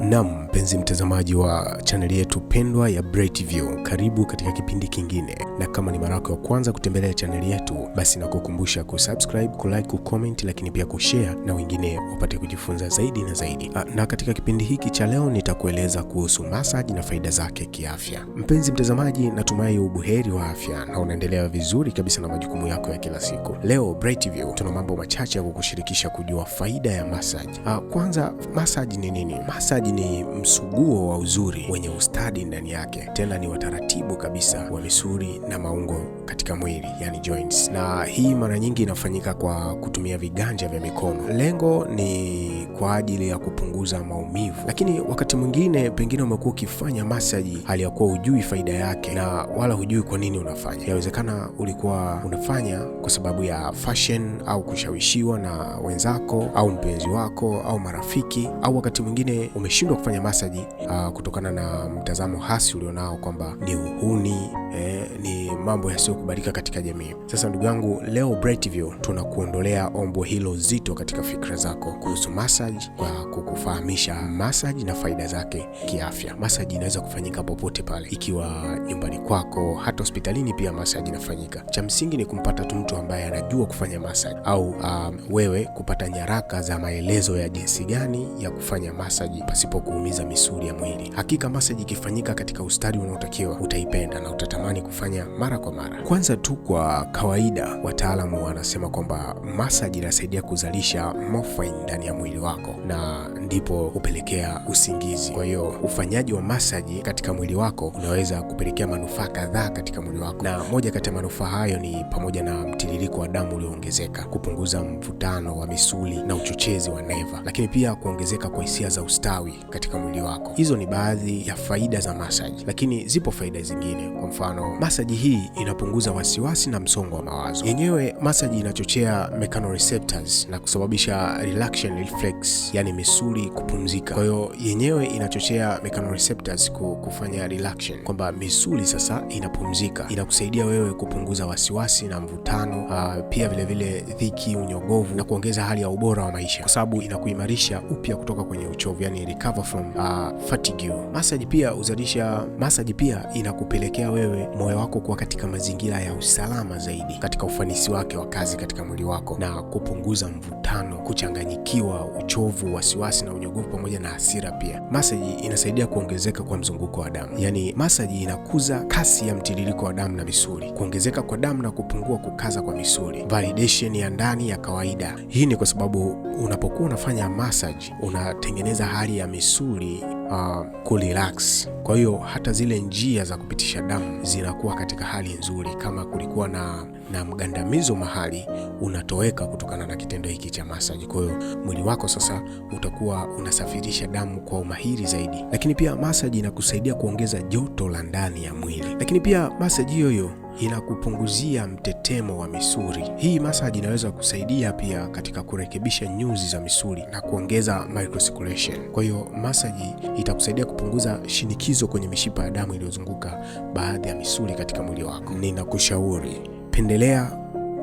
Nam mpenzi mtazamaji wa chaneli yetu pendwa ya Bright View, karibu katika kipindi kingine, na kama ni mara yako ya kwanza kutembelea chaneli yetu, basi nakukumbusha kusubscribe, kulike, kucomment, lakini pia kushare na wengine wapate kujifunza zaidi na zaidi. Ah, na katika kipindi hiki cha leo nitakueleza kuhusu massage na faida zake kiafya. Mpenzi mtazamaji, natumai ubuheri wa afya na unaendelea vizuri kabisa na majukumu yako ya kila siku. Leo Bright View tuna mambo machache ya kukushirikisha kujua faida ya massage. Ah, kwanza massage ni nini? Massage mchezaji ni msuguo wa uzuri wenye ustadi ndani yake, tena ni wataratibu kabisa wa misuli na maungo katika mwili, yani joints, na hii mara nyingi inafanyika kwa kutumia viganja vya mikono. Lengo ni kwa ajili ya kupunguza maumivu, lakini wakati mwingine pengine umekuwa ukifanya masaji hali ya kuwa hujui faida yake na wala hujui kwa nini unafanya. Yawezekana ulikuwa unafanya kwa sababu ya fashion au kushawishiwa na wenzako au mpenzi wako au marafiki, au wakati mwingine umesh umeshindwa kufanya masaji uh, kutokana na mtazamo hasi ulionao kwamba ni uhuni eh, ni mambo yasiyokubalika katika jamii. Sasa ndugu yangu, leo Brightview tunakuondolea ombo hilo zito katika fikra zako kuhusu massage kwa kukufahamisha massage na faida zake kiafya. Massage inaweza kufanyika popote pale, ikiwa nyumbani kwako, hata hospitalini pia massage inafanyika. Cha msingi ni kumpata tu mtu ambaye anajua kufanya massage au um, wewe kupata nyaraka za maelezo ya jinsi gani ya kufanya massage pasipo kuumiza misuli ya mwili. Hakika massage ikifanyika katika ustadi unaotakiwa utaipenda na utata natamani kufanya mara kwa mara. Kwanza tu kwa kawaida, wataalamu wanasema kwamba masaji inasaidia kuzalisha morphine ndani ya mwili wako na ndipo hupelekea usingizi. Kwa hiyo ufanyaji wa masaji katika mwili wako unaweza kupelekea manufaa kadhaa katika mwili wako, na moja kati ya manufaa hayo ni pamoja na mtiririko wa damu ulioongezeka, kupunguza mvutano wa misuli na uchochezi wa neva, lakini pia kuongezeka kwa hisia za ustawi katika mwili wako. Hizo ni baadhi ya faida za masaji, lakini zipo faida zingine, kwa mfano mfano. Masaji hii inapunguza wasiwasi na msongo wa mawazo. Yenyewe masaji inachochea mechanoreceptors na kusababisha relaxation reflex, yani misuli kupumzika. Kwa hiyo yenyewe inachochea mechanoreceptors kufanya relaxation, kwamba misuli sasa inapumzika, inakusaidia wewe kupunguza wasiwasi na mvutano, uh, pia vilevile dhiki, unyogovu na kuongeza hali ya ubora wa maisha, kwa sababu inakuimarisha upya kutoka kwenye uchovu, yani recover from uh, fatigue. Masaji pia uzalisha, masaji pia inakupelekea wewe wewe moyo wako kuwa katika mazingira ya usalama zaidi katika ufanisi wake wa kazi katika mwili wako na kupunguza mvutano, kuchanganyikiwa, uchovu, wasiwasi na unyogovu pamoja na hasira. Pia masaji inasaidia kuongezeka kwa mzunguko wa damu, yani masaji inakuza kasi ya mtiririko wa damu na misuli, kuongezeka kwa damu na kupungua kukaza kwa misuli. Validation ya ndani ya kawaida, hii ni kwa sababu unapokuwa unafanya masaji unatengeneza hali ya misuli uh, kurelax. Kwa hiyo hata zile njia za kupitisha damu zinakuwa katika hali nzuri, kama kulikuwa na na mgandamizo mahali unatoweka kutokana na kitendo hiki cha masaji. Kwa hiyo mwili wako sasa utakuwa unasafirisha damu kwa umahiri zaidi, lakini pia masaji inakusaidia kuongeza joto la ndani ya mwili, lakini pia masaji hiyo hiyo inakupunguzia mtetemo wa misuli. Hii masaji inaweza kusaidia pia katika kurekebisha nyuzi za misuli na kuongeza microcirculation. Kwa hiyo masaji itakusaidia kupunguza shinikizo kwenye mishipa ya damu iliyozunguka baadhi ya misuli katika mwili wako. Ninakushauri pendelea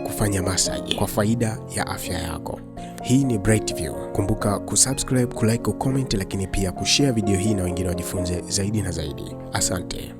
kufanya masaji kwa faida ya afya yako. Hii ni Bright View. Kumbuka kusubscribe, kulike, kucomment lakini pia kushare video hii na wengine wajifunze zaidi na zaidi. Asante.